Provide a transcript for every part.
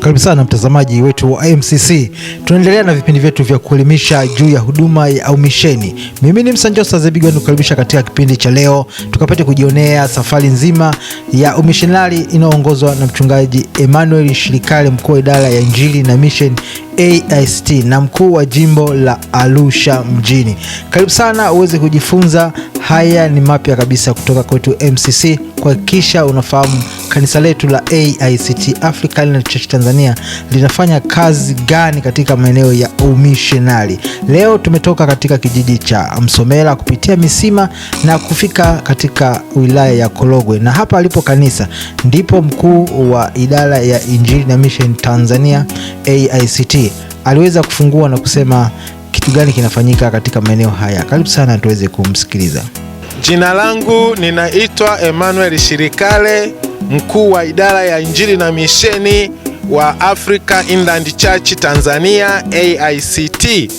Karibu sana mtazamaji wetu wa IMCC, tunaendelea na vipindi vyetu vya kuelimisha juu ya huduma ya au misheni. Mimi ni Msanjosa Zebigwa, nikukaribisha katika kipindi cha leo, tukapate kujionea safari nzima ya umishonari inayoongozwa na Mchungaji Emmanuel Shirikale, mkuu wa idara ya Injili na misheni AICT na mkuu wa jimbo la Arusha mjini. Karibu sana uweze kujifunza Haya ni mapya kabisa kutoka kwetu MCC, kuhakikisha unafahamu kanisa letu la AICT na Church Tanzania linafanya kazi gani katika maeneo ya umishonari. Leo tumetoka katika kijiji cha Msomela kupitia Misima na kufika katika wilaya ya Korogwe, na hapa alipo kanisa ndipo mkuu wa idara ya Injili na Mission Tanzania AICT aliweza kufungua na kusema kitu gani kinafanyika katika maeneo haya. Karibu sana tuweze kumsikiliza. Jina langu ninaitwa Emmanuel Shirikale, mkuu wa idara ya Injili na misheni wa Africa Inland Church Tanzania AICT.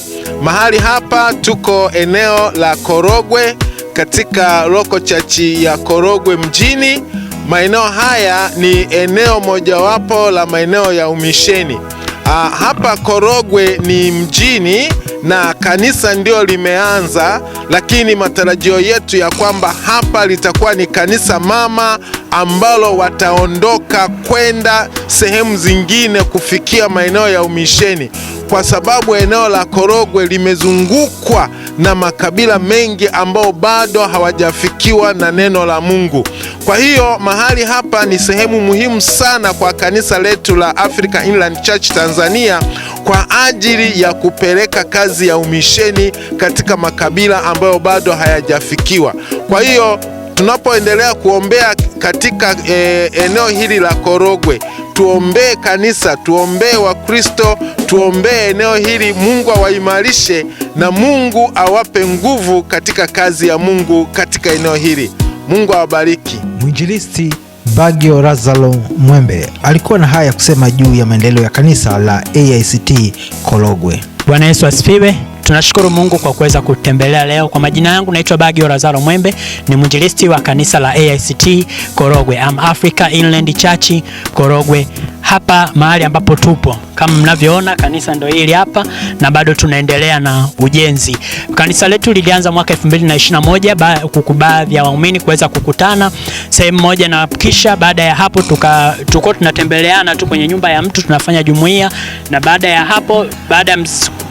Mahali hapa tuko eneo la Korogwe katika loko chachi ya Korogwe mjini. Maeneo haya ni eneo mojawapo la maeneo ya umisheni. Aa, ah, hapa Korogwe ni mjini na kanisa ndio limeanza, lakini matarajio yetu ya kwamba hapa litakuwa ni kanisa mama ambalo wataondoka kwenda sehemu zingine kufikia maeneo ya umisheni kwa sababu eneo la Korogwe limezungukwa na makabila mengi ambao bado hawajafikiwa na neno la Mungu. Kwa hiyo mahali hapa ni sehemu muhimu sana kwa kanisa letu la Africa Inland Church Tanzania kwa ajili ya kupeleka kazi ya umisheni katika makabila ambayo bado hayajafikiwa. Kwa hiyo tunapoendelea kuombea katika eh, eneo hili la Korogwe tuombee kanisa, tuombee Wakristo, tuombee eneo hili. Mungu awaimarishe na Mungu awape nguvu katika kazi ya Mungu katika eneo hili. Mungu awabariki. Mwinjilisti Bagio Lazaro Mwembe alikuwa na haya ya kusema juu ya maendeleo ya kanisa la AICT Korogwe. Bwana Yesu asifiwe. Tunashukuru Mungu kwa kuweza kutembelea leo. Kwa majina yangu naitwa Bagio Lazaro Mwembe, ni mwinjilisti wa kanisa la AICT Korogwe, Am Africa Inland Church Korogwe, hapa mahali ambapo tupo kama mnavyoona kanisa ndio hili hapa, na bado tunaendelea na ujenzi. Kanisa letu lilianza mwaka 2021 huku baadhi ya waumini kuweza kukutana sehemu moja, na kisha baada ya hapo tuka tuko tunatembeleana tu kwenye nyumba ya mtu tunafanya jumuiya, na baada ya hapo baada ya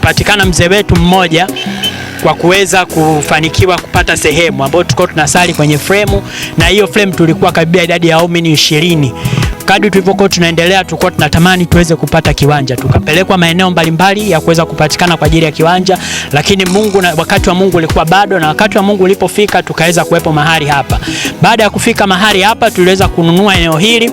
kupatikana mzee wetu mmoja kwa kuweza kufanikiwa kupata sehemu ambayo tulikuwa tunasali kwenye fremu, na hiyo fremu tulikuwa karibia idadi ya waumini ishirini. Kadri tulivyokuwa tunaendelea, tulikuwa tunatamani tuweze kupata kiwanja, tukapelekwa maeneo mbalimbali ya kuweza kupatikana kwa ajili ya kiwanja, lakini Mungu na wakati wa Mungu ulikuwa bado, na wakati wa Mungu ulipofika tukaweza kuwepo mahali hapa. Baada ya kufika mahali hapa, tuliweza kununua eneo hili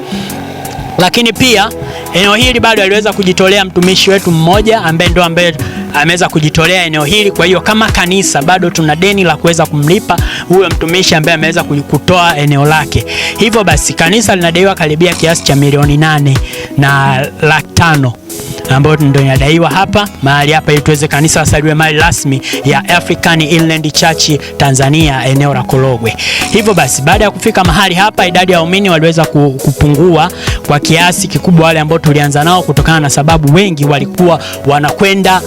lakini pia eneo hili bado aliweza kujitolea mtumishi wetu mmoja ambaye ndo ambaye ameweza kujitolea eneo hili. Kwa hiyo kama kanisa bado tuna deni la kuweza kumlipa huyo mtumishi ambaye ameweza kutoa eneo lake. Hivyo basi kanisa linadaiwa karibia kiasi cha milioni nane na laki tano ambayo ndio inadaiwa hapa mahali hapa, ili tuweze kanisa wasaliwe mali rasmi ya African Inland Church Tanzania eneo la Korogwe. Hivyo basi, baada ya kufika mahali hapa, idadi ya waumini waliweza kupungua kwa kiasi kikubwa, wale ambao tulianza nao, kutokana na sababu wengi walikuwa wanakwenda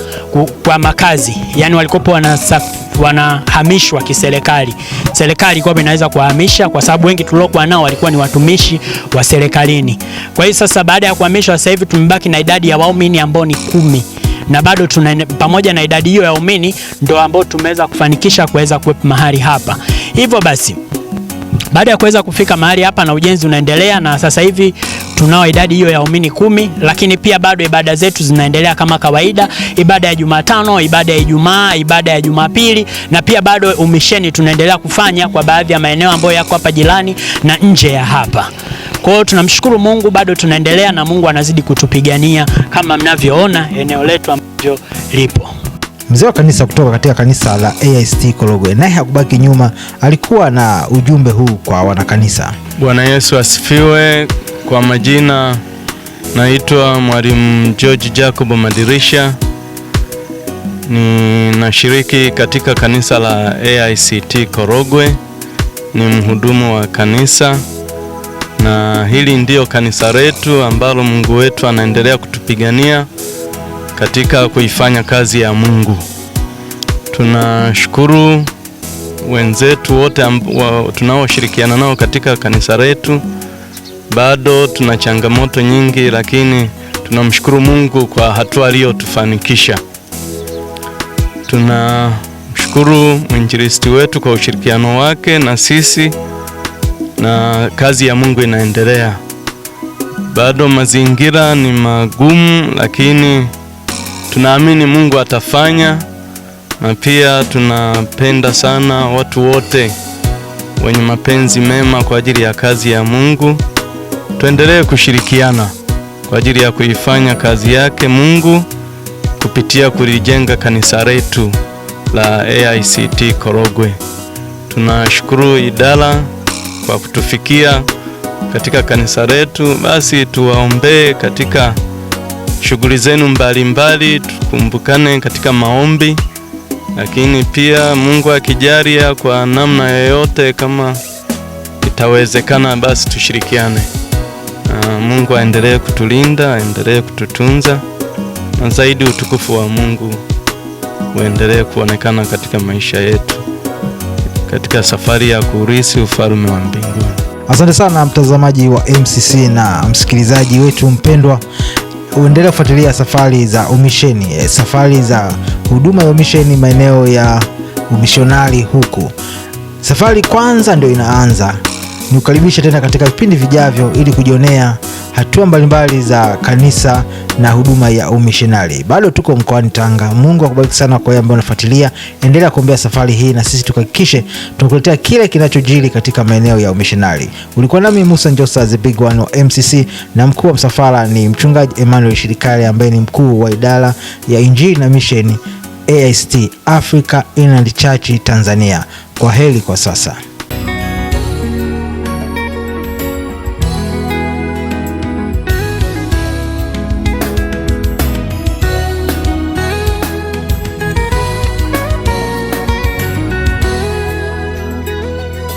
kwa makazi, yani walikopo wanasa wanahamishwa kiserikali. Serikali kwa inaweza kuwahamisha kwa sababu wengi tuliokuwa nao walikuwa ni watumishi wa serikalini. Kwa hiyo sasa, baada ya kuhamishwa, sasa hivi tumebaki na idadi ya waumini ambao ni kumi na bado tuna pamoja na idadi hiyo ya waumini ndio ambao tumeweza kufanikisha kuweza kuwepo mahali hapa. Hivyo basi baada ya kuweza kufika mahali hapa na ujenzi unaendelea, na sasa hivi tunao idadi hiyo ya waumini kumi, lakini pia bado ibada zetu zinaendelea kama kawaida, ibada ya Jumatano, ibada ya Ijumaa, ibada ya Jumapili, na pia bado umisheni tunaendelea kufanya kwa baadhi ya maeneo ambayo yako hapa jirani na nje ya hapa. Kwa hiyo tunamshukuru Mungu, bado tunaendelea na Mungu anazidi kutupigania kama mnavyoona eneo letu ambavyo lipo. Mzee wa kanisa kutoka katika kanisa la AICT Korogwe naye hakubaki nyuma, alikuwa na ujumbe huu kwa wanakanisa. Bwana Yesu asifiwe. Kwa majina naitwa Mwalimu George Jacob Madirisha, ninashiriki katika kanisa la AICT Korogwe, ni mhudumu wa kanisa na hili ndiyo kanisa letu ambalo Mungu wetu anaendelea kutupigania katika kuifanya kazi ya Mungu. Tunashukuru wenzetu wote tunaoshirikiana nao katika kanisa letu. Bado tuna changamoto nyingi, lakini tunamshukuru Mungu kwa hatua aliyotufanikisha. Tunamshukuru mwinjilisti wetu kwa ushirikiano wake na sisi, na kazi ya Mungu inaendelea. Bado mazingira ni magumu, lakini tunaamini Mungu atafanya, na pia tunapenda sana watu wote wenye mapenzi mema kwa ajili ya kazi ya Mungu. Tuendelee kushirikiana kwa ajili ya kuifanya kazi yake Mungu kupitia kulijenga kanisa letu la AICT Korogwe. Tunashukuru idara kwa kutufikia katika kanisa letu, basi tuwaombee katika shughuli zenu mbalimbali, tukumbukane katika maombi, lakini pia Mungu akijalia kwa namna yoyote, kama itawezekana, basi tushirikiane. Mungu aendelee kutulinda, aendelee kututunza, na zaidi utukufu wa Mungu uendelee kuonekana katika maisha yetu, katika safari ya kuurithi ufalme wa mbinguni. Asante sana mtazamaji wa MCC na msikilizaji wetu mpendwa Uendelea kufuatilia safari za umisheni, eh, safari za huduma ya umisheni maeneo ya umishonari huku. Safari kwanza ndio inaanza. Nikukaribisha tena katika vipindi vijavyo ili kujionea hatua mbalimbali za kanisa na huduma ya umishonari. Bado tuko mkoani Tanga. Mungu akubariki sana kwa yeye ambaye unafuatilia, endelea kuombea safari hii na sisi tukahakikishe tunakuletea kile kinachojiri katika maeneo ya umishonari. Ulikuwa nami Musa Njosa, the big one wa MCC, na mkuu wa msafara ni mchungaji Emmanuel Shirikale ambaye ni mkuu wa idara ya Injili na misheni AICT Africa Inland Church Tanzania. Kwa heri kwa sasa.